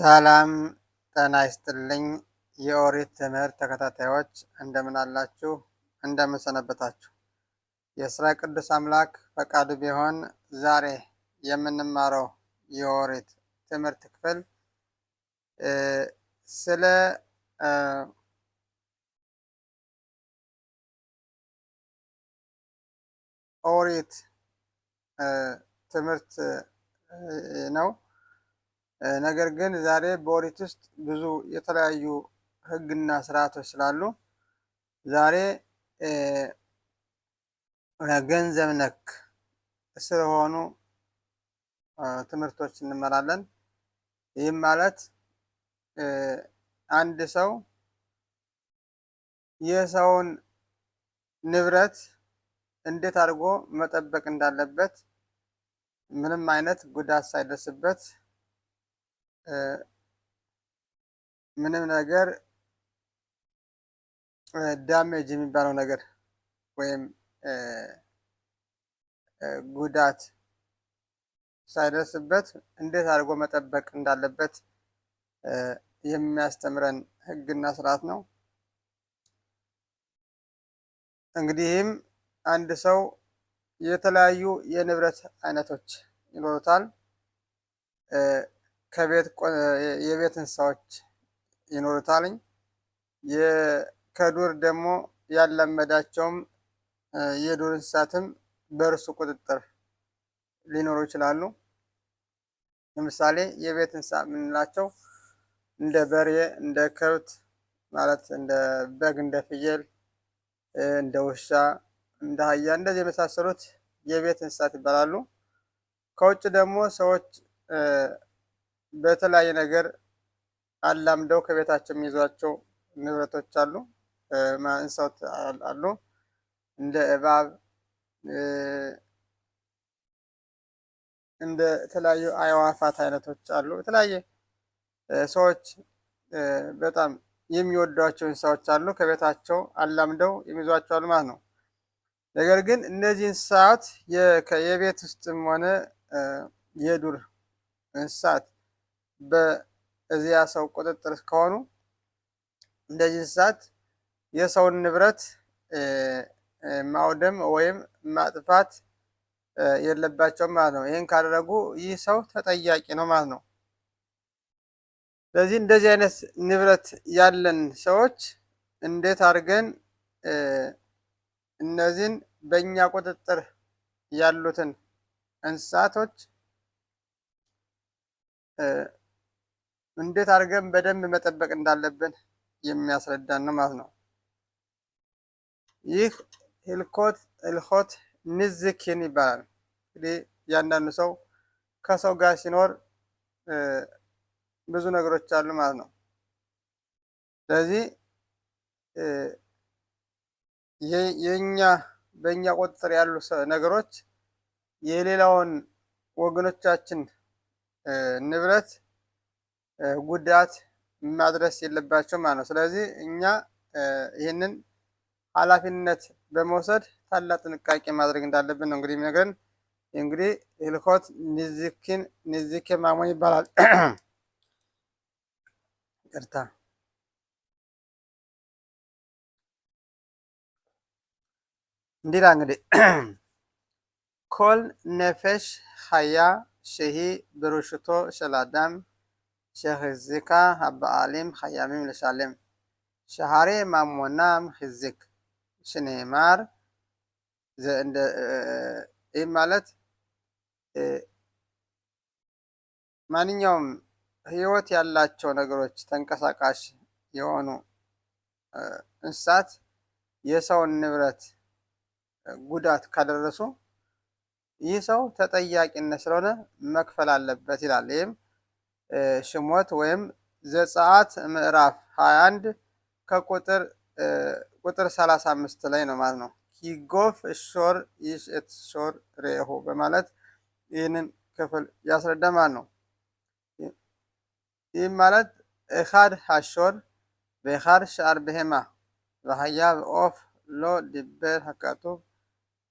ሰላም ጤና ይስጥልኝ የኦሪት ትምህርት ተከታታዮች እንደምን አላችሁ? እንደምን ሰነበታችሁ? የእስራኤል ቅዱስ አምላክ ፈቃዱ ቢሆን ዛሬ የምንማረው የኦሪት ትምህርት ክፍል ስለ ኦሪት ትምህርት ነው። ነገር ግን ዛሬ በኦሪት ውስጥ ብዙ የተለያዩ ህግና ስርዓቶች ስላሉ ዛሬ ገንዘብ ነክ ስለሆኑ ትምህርቶች እንመራለን። ይህም ማለት አንድ ሰው የሰውን ንብረት እንዴት አድርጎ መጠበቅ እንዳለበት ምንም አይነት ጉዳት ሳይደርስበት ምንም ነገር ዳሜጅ የሚባለው ነገር ወይም ጉዳት ሳይደርስበት እንዴት አድርጎ መጠበቅ እንዳለበት የሚያስተምረን ሕግና ስርዓት ነው። እንግዲህም አንድ ሰው የተለያዩ የንብረት አይነቶች ይኖሩታል። ከቤት የቤት እንስሳዎች ይኖሩታልኝ። ከዱር ደግሞ ያላመዳቸውም የዱር እንስሳትም በእርሱ ቁጥጥር ሊኖሩ ይችላሉ። ለምሳሌ የቤት እንስሳ የምንላቸው እንደ በሬ፣ እንደ ከብት ማለት እንደ በግ፣ እንደ ፍየል፣ እንደ ውሻ፣ እንደ አህያ እንደዚህ የመሳሰሉት የቤት እንስሳት ይባላሉ። ከውጭ ደግሞ ሰዎች በተለያየ ነገር አላምደው ከቤታቸው የሚይዟቸው ንብረቶች አሉ፣ እንስሳት አሉ እንደ እባብ እንደ ተለያዩ አዕዋፋት አይነቶች አሉ። የተለያየ ሰዎች በጣም የሚወዷቸው እንስሳዎች አሉ ከቤታቸው አላምደው የሚይዟቸው አሉ ማለት ነው። ነገር ግን እነዚህ እንስሳት የቤት ውስጥም ሆነ የዱር እንስሳት በእዚያ ሰው ቁጥጥር ከሆኑ እንደዚህ እንስሳት የሰውን ንብረት ማውደም ወይም ማጥፋት የለባቸውም ማለት ነው። ይህን ካደረጉ ይህ ሰው ተጠያቂ ነው ማለት ነው። ስለዚህ እንደዚህ አይነት ንብረት ያለን ሰዎች እንዴት አድርገን እነዚህን በእኛ ቁጥጥር ያሉትን እንስሳቶች እንዴት አድርገን በደንብ መጠበቅ እንዳለብን የሚያስረዳን ነው ማለት ነው። ይህ ህልኮት ሂልኮት ንዝኪን ይባላል። እንግዲህ እያንዳንዱ ሰው ከሰው ጋር ሲኖር ብዙ ነገሮች አሉ ማለት ነው። ስለዚህ የኛ በእኛ ቁጥጥር ያሉ ነገሮች የሌላውን ወገኖቻችን ንብረት ጉዳት ማድረስ የለባቸው ማለት ነው። ስለዚህ እኛ ይህንን ኃላፊነት በመውሰድ ታላቅ ጥንቃቄ ማድረግ እንዳለብን ነው እንግዲህ የሚነግረን። እንግዲህ ህልኮት ኒዚኪን ኒዚኬ ማሞ ይባላል። ቅርታ እንዲላ እንግዲህ ኮል ነፈሽ ሀያ ሸሂ ብሩሽቶ ሸላዳም שהחזיקה הבעלים חייבים לשלם, שהרי ממונם החזיק שנאמר ይህ ማለት ማንኛውም ህይወት ያላቸው ነገሮች ተንቀሳቃሽ የሆኑ እንስሳት የሰውን ንብረት ጉዳት ካደረሱ ይህ ሰው ተጠያቂነት ስለሆነ መክፈል አለበት ይላል። ይህም ሽሞት ወይም ዘፀአት ምዕራፍ 21 ከቁጥር ቁጥር 35 ላይ ነው ማለት ነው። ኪጎፍ እሾር ይሽት ሾር ሬሆ በማለት ይህንን ክፍል ያስረዳ ማለት ነው። ይህም ማለት እኻድ ሃሾር በኻድ ሻር ብሄማ ራህያ ኦፍ ሎ ዲበር ሀካቶ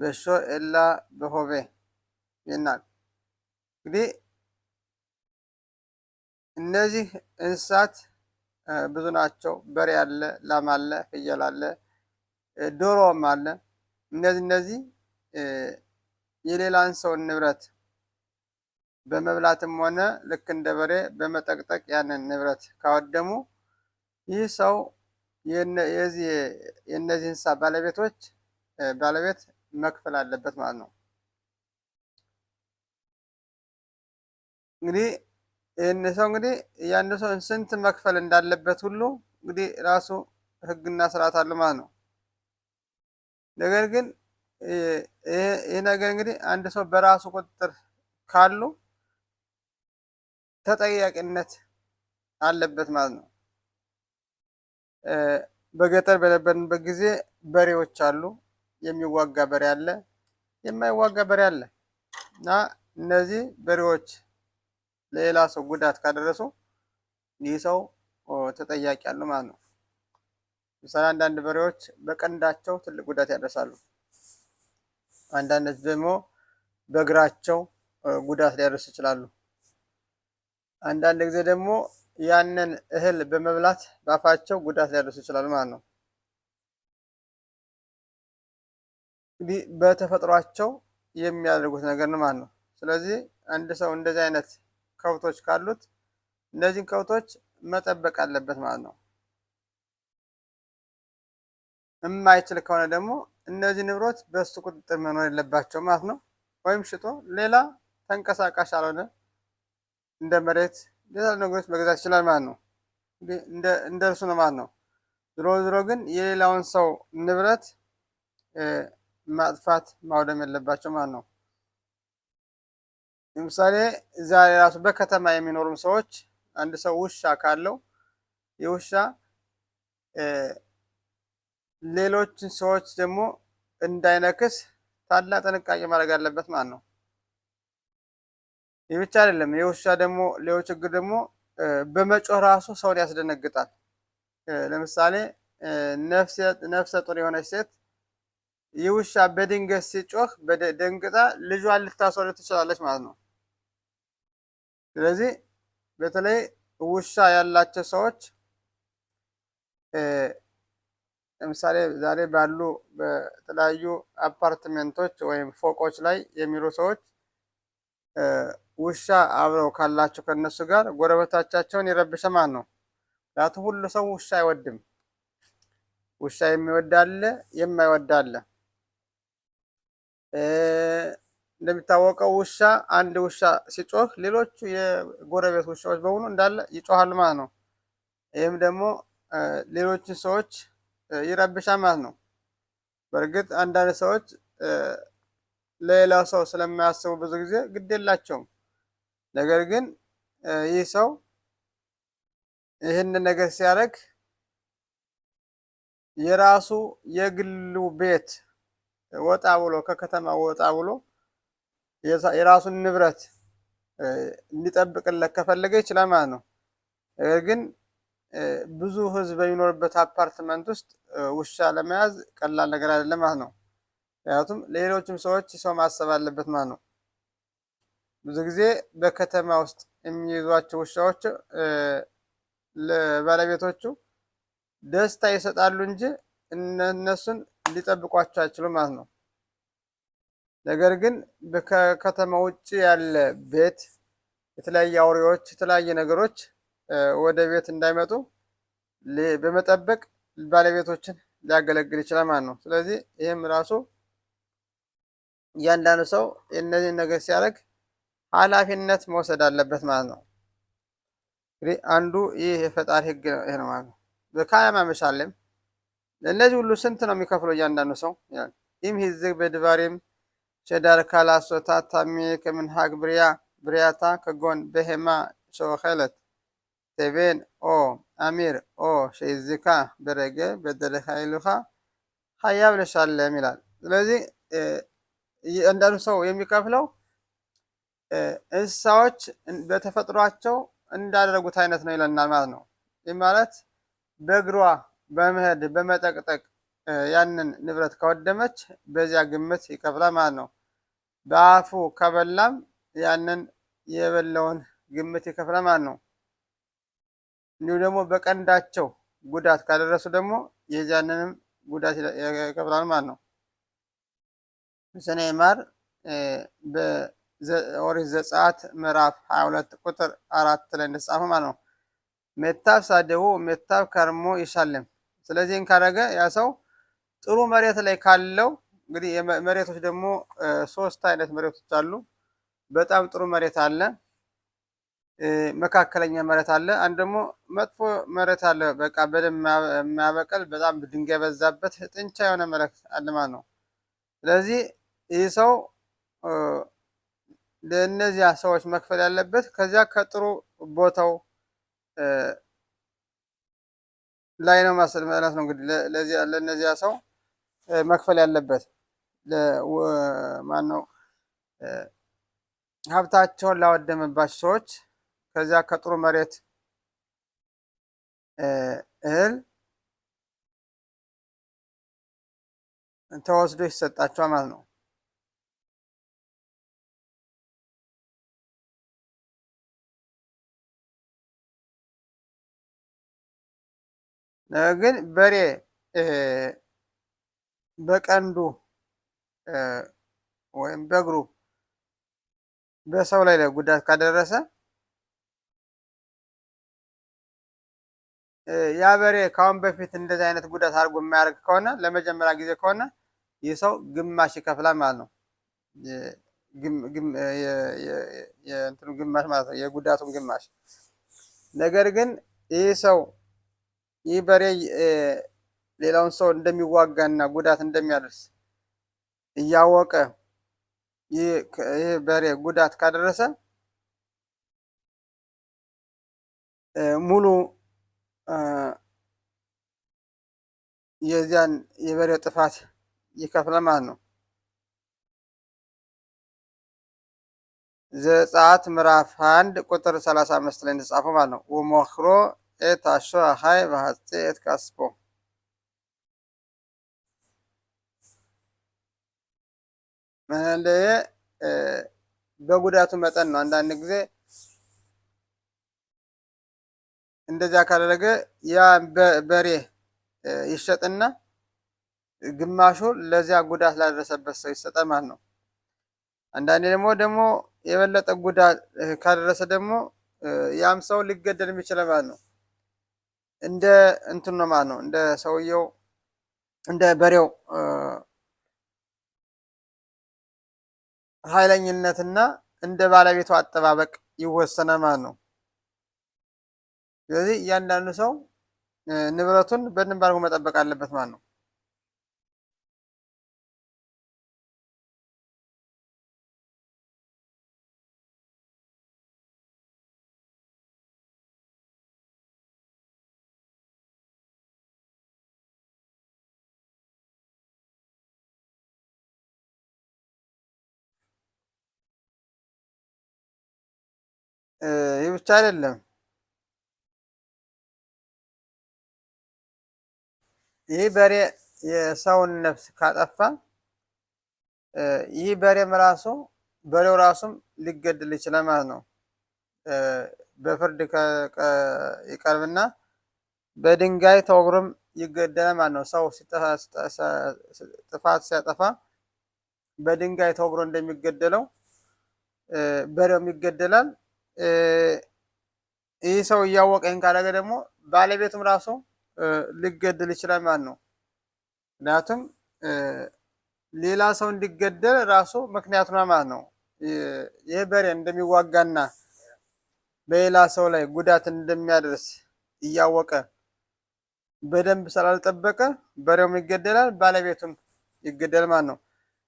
በሾር ኤላ በሆቤ ይናል እንግዲህ እነዚህ እንስሳት ብዙ ናቸው። በሬ አለ፣ ላም አለ፣ ፍየል አለ፣ ዶሮም አለ። እነዚህ እነዚህ የሌላን ሰውን ንብረት በመብላትም ሆነ ልክ እንደ በሬ በመጠቅጠቅ ያንን ንብረት ካወደሙ ይህ ሰው የእነዚህ እንስሳ ባለቤቶች ባለቤት መክፈል አለበት ማለት ነው እንግዲህ ይህን ሰው እንግዲህ ያን ሰው ስንት መክፈል እንዳለበት ሁሉ እንግዲህ ራሱ ህግና ስርዓት አለ ማለት ነው። ነገር ግን ይህ ነገር እንግዲህ አንድ ሰው በራሱ ቁጥጥር ካሉ ተጠያቂነት አለበት ማለት ነው። በገጠር በነበርንበት ጊዜ በሬዎች አሉ። የሚዋጋ በሬ አለ፣ የማይዋጋ በሬ አለ እና እነዚህ በሬዎች ለሌላ ሰው ጉዳት ካደረሱ ይህ ሰው ተጠያቂ ያለው ማለት ነው። ምሳሌ አንዳንድ በሬዎች በቀንዳቸው ትልቅ ጉዳት ያደርሳሉ። አንዳንዶች ደግሞ በእግራቸው ጉዳት ሊያደርሱ ይችላሉ። አንዳንድ ጊዜ ደግሞ ያንን እህል በመብላት በአፋቸው ጉዳት ሊያደርሱ ይችላሉ ማለት ነው። እንግዲህ በተፈጥሯቸው የሚያደርጉት ነገር ነው ማለት ነው። ስለዚህ አንድ ሰው እንደዚህ አይነት ከብቶች ካሉት እነዚህን ከብቶች መጠበቅ አለበት ማለት ነው። የማይችል ከሆነ ደግሞ እነዚህ ንብረት በሱ ቁጥጥር መኖር የለባቸው ማለት ነው። ወይም ሽጦ ሌላ ተንቀሳቃሽ አልሆነ እንደ መሬት፣ ሌላ ነገሮች መግዛት ይችላል ማለት ነው። እንደ እርሱ ነው ማለት ነው። ዝሮ ዝሮ ግን የሌላውን ሰው ንብረት ማጥፋት ማውደም የለባቸው ማለት ነው። ለምሳሌ ዛሬ ራሱ በከተማ የሚኖሩም ሰዎች አንድ ሰው ውሻ ካለው የውሻ ሌሎችን ሰዎች ደግሞ እንዳይነክስ ታላቅ ጥንቃቄ ማድረግ አለበት ማለት ነው። ይህ ብቻ አይደለም። የውሻ ደግሞ ሌሎች ችግር ደግሞ በመጮህ ራሱ ሰውን ያስደነግጣል። ለምሳሌ ነፍሰ ጡር የሆነች ሴት ይህ ውሻ በድንገት ሲጮህ በደንግጣ ልጇን ልታስወልድ ትችላለች ማለት ነው። ስለዚህ በተለይ ውሻ ያላቸው ሰዎች ለምሳሌ ዛሬ ባሉ በተለያዩ አፓርትመንቶች ወይም ፎቆች ላይ የሚሉ ሰዎች ውሻ አብረው ካላቸው ከነሱ ጋር ጎረቤቶቻቸውን የረብሸ ማን ነው። ምክንያቱም ሁሉ ሰው ውሻ አይወድም። ውሻ የሚወዳለ የማይወዳለ እንደሚታወቀው ውሻ አንድ ውሻ ሲጮህ ሌሎቹ የጎረቤት ውሻዎች በሙሉ እንዳለ ይጮሃል ማለት ነው። ይህም ደግሞ ሌሎችን ሰዎች ይረብሻ ማለት ነው። በእርግጥ አንዳንድ ሰዎች ለሌላ ሰው ስለማያስቡ ብዙ ጊዜ ግድ የላቸውም። ነገር ግን ይህ ሰው ይህንን ነገር ሲያደርግ የራሱ የግሉ ቤት ወጣ ብሎ ከከተማ ወጣ ብሎ የራሱን ንብረት እንዲጠብቅለት ከፈለገ ይችላል ማለት ነው። ነገር ግን ብዙ ህዝብ በሚኖርበት አፓርትመንት ውስጥ ውሻ ለመያዝ ቀላል ነገር አይደለም ማለት ነው። ምክንያቱም ሌሎችም ሰዎች ሰው ማሰብ አለበት ማለት ነው። ብዙ ጊዜ በከተማ ውስጥ የሚይዟቸው ውሻዎች ለባለቤቶቹ ደስታ ይሰጣሉ እንጂ እነሱን ሊጠብቋቸው አይችሉም ማለት ነው። ነገር ግን ከከተማ ውጭ ያለ ቤት የተለያየ አውሬዎች፣ የተለያየ ነገሮች ወደ ቤት እንዳይመጡ በመጠበቅ ባለቤቶችን ሊያገለግል ይችላል ማለት ነው። ስለዚህ ይህም ራሱ እያንዳንዱ ሰው እነዚህን ነገር ሲያደርግ ኃላፊነት መውሰድ አለበት ማለት ነው። እንግዲህ አንዱ ይህ የፈጣሪ ህግ ይህ ነው ማለት ነው። በካያማ መሳለም ለእነዚህ ሁሉ ስንት ነው የሚከፍለው እያንዳንዱ ሰው ይህም ሂዝግ በድባሬም ሸዳር ካላሶታ ታሜ ከምንሃግ ብርያ ብርያታ ከጎን በሄማ ሸወኸለት ተቤን ኦ አሚር ኦ ሸይዝካ በረገ በደለኻይልኻ ሀያብ ለሻለም ይላል። ስለዚህ አንዳንዱ ሰው የሚከፍለው እንስሳዎች በተፈጥሯቸው እንዳደረጉት አይነት ነው ይለናል ማለት ነው። ይህ ማለት በእግሯ በመሄድ በመጠቅጠቅ ያንን ንብረት ከወደመች በዚያ ግምት ይከፍላል ማለት ነው። በአፉ ከበላም ያንን የበላውን ግምት ይከፍላል ማለት ነው። እንዲሁም ደግሞ በቀንዳቸው ጉዳት ካደረሱ ደግሞ የዚያንንም ጉዳት ይከፍላል ማለት ነው። ሙሴና ኢማር በኦሪት ዘጸአት ምዕራፍ 22 ቁጥር አራት ላይ እንደተጻፈ ማለት ነው። ሜታብ ሳደቡ ሜታብ ከርሞ ይሳለም። ስለዚህን ካረገ ያ ሰው ጥሩ መሬት ላይ ካለው እንግዲህ መሬቶች ደግሞ ሶስት አይነት መሬቶች አሉ። በጣም ጥሩ መሬት አለ፣ መካከለኛ መሬት አለ፣ አንድ ደግሞ መጥፎ መሬት አለ። በቃ በደንብ የማያበቅል በጣም ድንጋይ በዛበት ጥንቻ የሆነ መሬት አለ ማለት ነው። ስለዚህ ይህ ሰው ለእነዚያ ሰዎች መክፈል ያለበት ከዚያ ከጥሩ ቦታው ላይ ነው ማለት ነው። እንግዲህ ለእነዚያ ሰው መክፈል ያለበት ማነው? ሀብታቸውን ላወደመባቸው ሰዎች ከዚያ ከጥሩ መሬት እህል ተወስዶ ይሰጣቸዋል ማለት ነው። ግን በሬ በቀንዱ ወይም በእግሩ በሰው ላይ ላይ ጉዳት ካደረሰ ያ በሬ ከአሁን በፊት እንደዚህ አይነት ጉዳት አድርጎ የማያደርግ ከሆነ ለመጀመሪያ ጊዜ ከሆነ ይህ ሰው ግማሽ ይከፍላል ማለት ነው። የእንትኑ ግማሽ ማለት ነው፣ የጉዳቱ ግማሽ። ነገር ግን ይህ ሰው ይህ በሬ ሌላውን ሰው እንደሚዋጋና ጉዳት እንደሚያደርስ እያወቀ ይህ በሬ ጉዳት ካደረሰ ሙሉ የዚያን የበሬው ጥፋት ይከፍላል ማለት ነው። ዘጸአት ምዕራፍ አንድ ቁጥር ሰላሳ አምስት ላይ እንደተጻፈው ማለት ነው። ወሞክሮ ኤት አሾ አሃይ በሀፄ ኤት ካስፖ መለየ በጉዳቱ መጠን ነው። አንዳንድ ጊዜ እንደዚያ ካደረገ ያ በሬ ይሸጥና ግማሹ ለዚያ ጉዳት ላደረሰበት ሰው ይሰጠ ማለት ነው። አንዳንዴ ደግሞ ደግሞ የበለጠ ጉዳት ካደረሰ ደግሞ ያም ሰው ሊገደል የሚችለው ማለት ነው። እንደ እንትን ነው ማለት ነው። እንደ ሰውየው እንደ በሬው ኃይለኝነትና እንደ ባለቤቱ አጠባበቅ ይወሰነ ማለት ነው። ስለዚህ እያንዳንዱ ሰው ንብረቱን በደንብ አድርጎ መጠበቅ አለበት ማለት ነው። ይህ ብቻ አይደለም። ይህ በሬ የሰውን ነፍስ ካጠፋ ይህ በሬም ራሱ በሬው ራሱም ሊገደል ይችላል ማለት ነው። በፍርድ ይቀርብና በድንጋይ ተወግሮም ይገደላል ማለት ነው። ሰው ጥፋት ሲያጠፋ በድንጋይ ተወግሮ እንደሚገደለው በሬውም ይገደላል። ይህ ሰው እያወቀ ይህን ካደረገ ደግሞ ባለቤቱም ራሱ ሊገደል ይችላል ማለት ነው። ምክንያቱም ሌላ ሰው እንዲገደል ራሱ ምክንያቱ ማለት ነው። ይህ በሬ እንደሚዋጋና በሌላ ሰው ላይ ጉዳት እንደሚያደርስ እያወቀ በደንብ ስላልጠበቀ በሬውም ይገደላል፣ ባለቤቱም ይገደል ማለት ነው።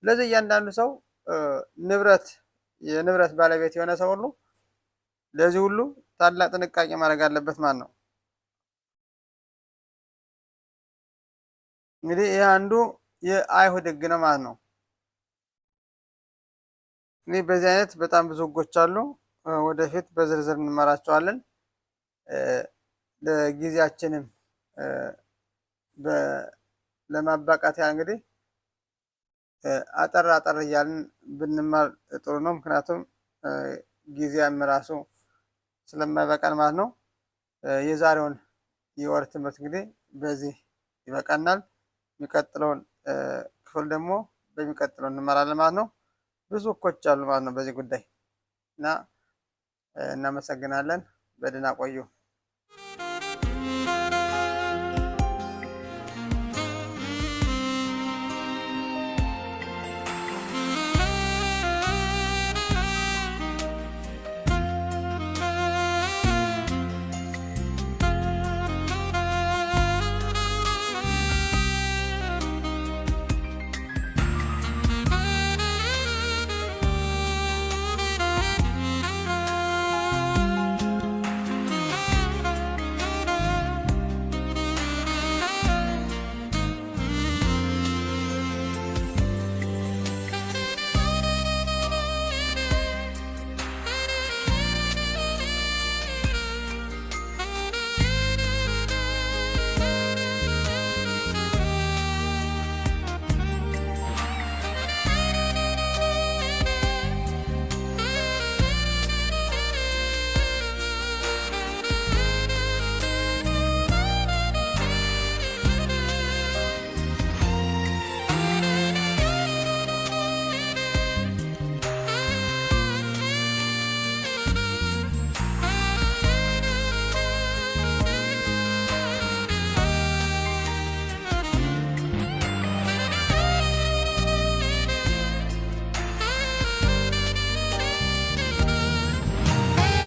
ስለዚህ እያንዳንዱ ሰው ንብረት የንብረት ባለቤት የሆነ ሰው ሁሉ ለዚህ ሁሉ ታላቅ ጥንቃቄ ማድረግ አለበት ማለት ነው። እንግዲህ ይህ አንዱ የአይሁድ ህግ ነው ማለት ነው። እንግዲህ በዚህ አይነት በጣም ብዙ ህጎች አሉ። ወደፊት በዝርዝር እንመራቸዋለን። ለጊዜያችንም ለማባቃት ያ እንግዲህ አጠር አጠር እያልን ብንማር ጥሩ ነው። ምክንያቱም ጊዜያም ራሱ ስለማይበቃን ማለት ነው። የዛሬውን የወር ትምህርት እንግዲህ በዚህ ይበቃናል። የሚቀጥለውን ክፍል ደግሞ በሚቀጥለው እንመራለን ማለት ነው። ብዙ እኮች አሉ ማለት ነው በዚህ ጉዳይ እና እናመሰግናለን። በደህና ቆዩ።